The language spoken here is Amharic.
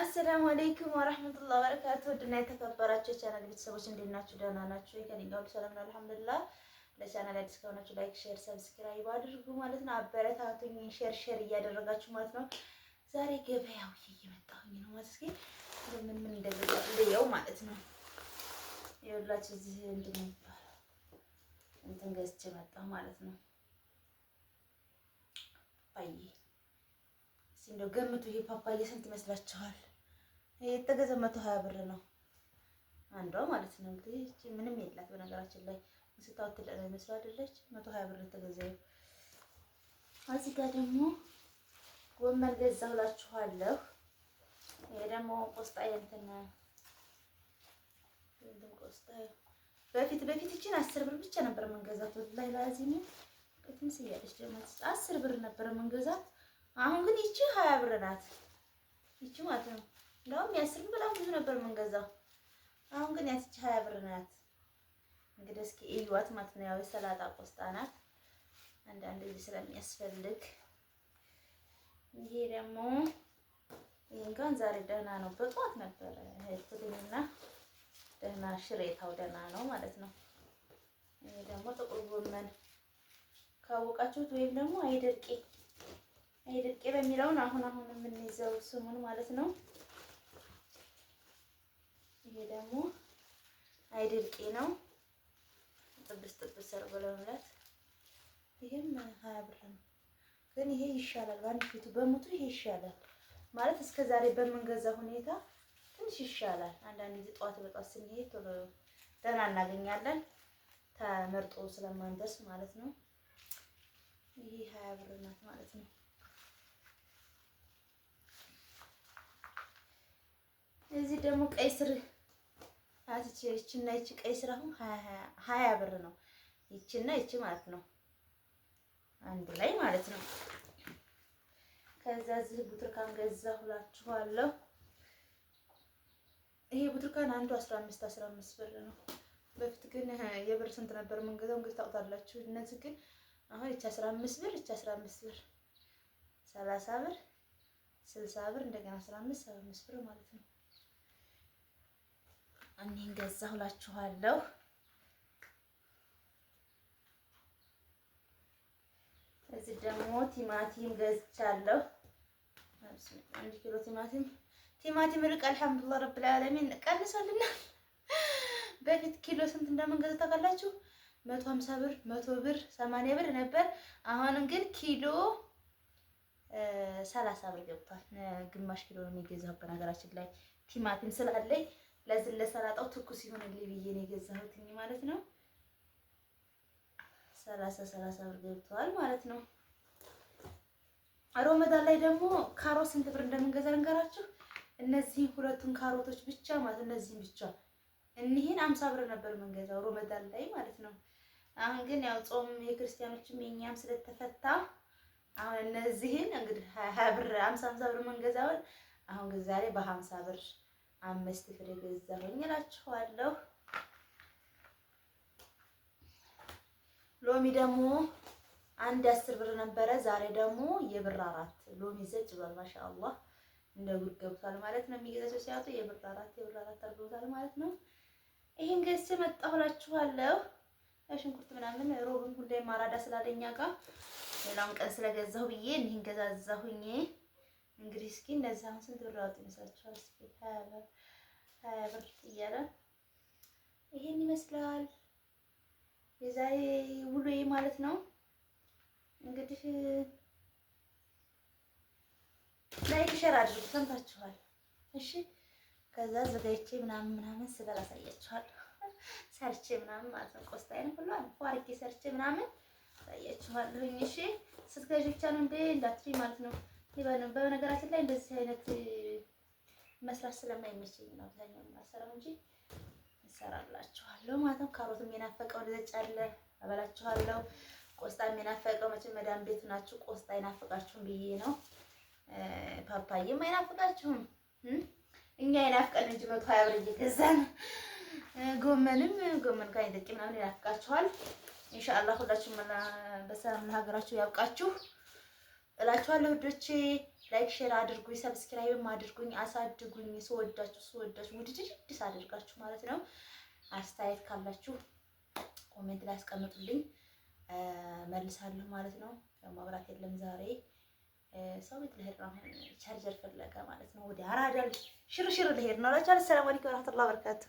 አሰላሙ አለይኩም ወረህመቱላሂ ወበረካቱህ። ውድና የተከበራችሁ የቻናል ቤተሰቦች እንዴት ናችሁ? ደህና ናችሁ? ከእኔ ጋር ሰላም ነው፣ አልሐምዱሊላህ። ለቻናል አዲስ ከሆናችሁ ላይክ፣ ሼር፣ ሰብስክራይብ አድርጉ ማለት ነው። አበረታቱኝ ሼር ሼር እያደረጋችሁ ማለት ነው። ዛሬ ገበያው እየመጣሁኝ ነው ማለት እስኪ ምን ምን እንደገዛው ማለት ነው። ይኸውላችሁ እዚህ እንትን የሚባለው እንትን ገዝቼ መጣሁ ማለት ነው። እንደው ገምቱ። ይሄ ፓፓዬ ስንት ይመስላችኋል? የተገዘ መቶ ሀያ ብር ነው አንዷ ማለት ነው። እንግዲህ እቺ ምንም የላት በነገራችን ላይ ስታወት ትልቅ ነው ይመስሉ አይደለች? መቶ ሀያ ብር የተገዘው። እዚህ ጋር ደግሞ ጎመን ገዛሁላችኋለሁ። ይሄ ደግሞ ቆስጣ እንትን ቆስጣ በፊት በፊት እችን አስር ብር ብቻ ነበር የምንገዛት። ወላሂ ላዚም ቅትም ስያለች ደግሞ አስር ብር ነበር የምንገዛት አሁን ግን ይቺ ሀያ ብር ናት። ይቺ ማለት ነው። እንደውም ያስር በጣም ብዙ ነበር የምንገዛው። አሁን ግን ያቺ ሀያ ብር ናት። እንግዲህ እስኪ እዩዋት ማለት ነው። ያው የሰላጣ ቆስጣ ናት። አንዳንድ ጊዜ ስለሚያስፈልግ ይሄ ደግሞ ይሄን ዛሬ ደህና ነው። በጧት ነበረ ሄድኩትና ደህና ሽሬታው ደህና ነው ማለት ነው። ይሄ ደግሞ ጥቁር ጎመን ካወቃችሁት ወይም ደግሞ አይደርቄ ይሄ በሚለውን አሁን አሁን የምንይዘው ስሙን ማለት ነው። ይሄ ደግሞ አይድልቄ ነው። ጥብስ ጥብስ ሰርጎ ለመብላት ይሄም ሀያ ብር ነው። ግን ይሄ ይሻላል። በአንድ ፊቱ በሙቱ ይሄ ይሻላል ማለት እስከ ዛሬ በምንገዛ ሁኔታ ትንሽ ይሻላል። አንዳንድ ጊዜ ጠዋት በጠዋት ስንሄድ ቶሎ ደህና እናገኛለን ተመርጦ ስለማንደርስ ማለት ነው። ይሄ ሀያ ብር ናት ማለት ነው። እዚህ ደግሞ ቀይ ስር አትቼ ይቺና ይቺ ቀይ ስር አሁን ሀያ ብር ነው። ይቺና ይቺ ማለት ነው አንድ ላይ ማለት ነው። ከዛ እዚህ ቡትርካን ገዛሁ እላችኋለሁ። ይሄ ቡትርካን አንዱ 15 15 ብር ነው። በፊት ግን የብር ስንት ነበር የምንገዛው? እንግዲህ ታውቃላችሁ። እነዚህ ግን አሁን ይቺ 15 ብር ይቺ 15 ብር 30 ብር 60 ብር እንደገና 15 75 ብር ማለት ነው። እኒህን ገዛሁላችኋለሁ። እላችኋለሁ። እዚህ ደግሞ ቲማቲም ገዝቻለሁ። አንድ ኪሎ ቲማቲም ቲማቲም ርቅ አልሐምዱሊላህ ረብል ዓለሚን ቀንሶልናል። በፊት ኪሎ ስንት እንደምንገዛ ታውቃላችሁ? መቶ ሀምሳ ብር መቶ ብር ሰማንያ ብር ነበር። አሁን ግን ኪሎ ሰላሳ ብር ገብቷል። ግማሽ ኪሎ ነው የሚገዛው በነገራችን ላይ ቲማቲም ስላለኝ ለዚህ ለሰላጣው ትኩስ ይሆንልኝ ብዬ ነው የገዛሁትኝ ማለት ነው። ሰላሳ ሰላሳ ብር ገብተዋል ማለት ነው። ሮመዳን ላይ ደግሞ ካሮት ስንት ብር እንደምንገዛ ልንገራችሁ። እነዚህ ሁለቱን ካሮቶች ብቻ ማለት እነዚህን ብቻ እኒህን አምሳ ብር ነበር የምንገዛው ሮመዳን ላይ ማለት ነው። አሁን ግን ያው ጾም የክርስቲያኖችም የኛም ስለተፈታ አሁን እነዚህን እንግዲህ ሀያ ብር አምሳ አምሳ ብር የምንገዛውን አሁን ግን ዛሬ በሀምሳ ብር አምስት ፍሬ ገዛሁኝ እላችኋለሁ። ሎሚ ደግሞ አንድ አስር ብር ነበረ። ዛሬ ደግሞ የብር አራት ሎሚ ዘጭ ብሏል። ማሻአላህ እንደ ጉድ ገብቷል ማለት ነው። የሚገዛቸው ሲያጡ የብር አራት የብር አራት አድርገውታል ማለት ነው። ይሄን ገዝቼ መጣሁ እላችኋለሁ። ሽንኩርት ምናምን ሮብን ሁሌ ማራዳ ስላለኛ ጋር ሌላም ቀን ስለገዛሁ ብዬ እኒህን ገዛዛሁኝ። እንግዲህ እስኪ እንደዛ አሁን ስንት ብር አወጡ ይመስላችኋል? እስኪ ሀያ ብር ሀያ ብር እያለ ይሄን ይመስላል የዛሬ ውሎዬ ማለት ነው። እንግዲህ ላይክ ሸር አድርጉ። ሰምታችኋል? እሺ ከዛ ዘጋይቼ ምናምን ምናምን ስበላ አሳያችኋል። ሰርቼ ምናምን ማለት ነው። ቆስጣዬን ሁሉ አልፎ አድርጌ ሰርቼ ምናምን አሳያችኋለሁኝ። እሺ ስትገዢ ብቻ ነው እንዴ እንዳትሪ ማለት ነው። በነገራችን ላይ እንደዚህ አይነት መስራት ስለማይመቸኝ ነው አብዛኛውን የማሰራው እንጂ እሰራላችኋለሁ ማለት ካሮትም የናፈቀው ልጅ አለ አበላችኋለሁ። ቆስጣም የናፈቀው መቼም መዳም ቤት ናችሁ፣ ቆስጣ አይናፍቃችሁም ብዬ ነው። ፓፓዬም አይናፍቃችሁም፣ እኛ አይናፍቀን እንጂ መቶ ሀያ ብር እየገዛን ጎመንም ጎመን ጋር ምናምን ይናፍቃችኋል። ኢንሻአላህ ሁላችሁም በሰላም ለሀገራችሁ ያብቃችሁ። እላችኋለሁ ውዶቼ። ላይክ ሼር አድርጉኝ፣ ሰብስክራይብም አድርጉኝ፣ አሳድጉኝ። ስወዳችሁ ስወዳችሁ ውድድድስ አድርጋችሁ ማለት ነው። አስተያየት ካላችሁ ኮሜንት ላይ አስቀምጡልኝ፣ መልሳለሁ ማለት ነው። መብራት የለም ዛሬ ሰው ቤት ልሄድ ነው። ቻርጀር ፈለገ ማለት ነው። ወደ አራዳል ሽርሽር ልሄድ ነው። ላችኋለሁ። ሰላም አለይኩም ወራህመቱላሂ ወበረካቱ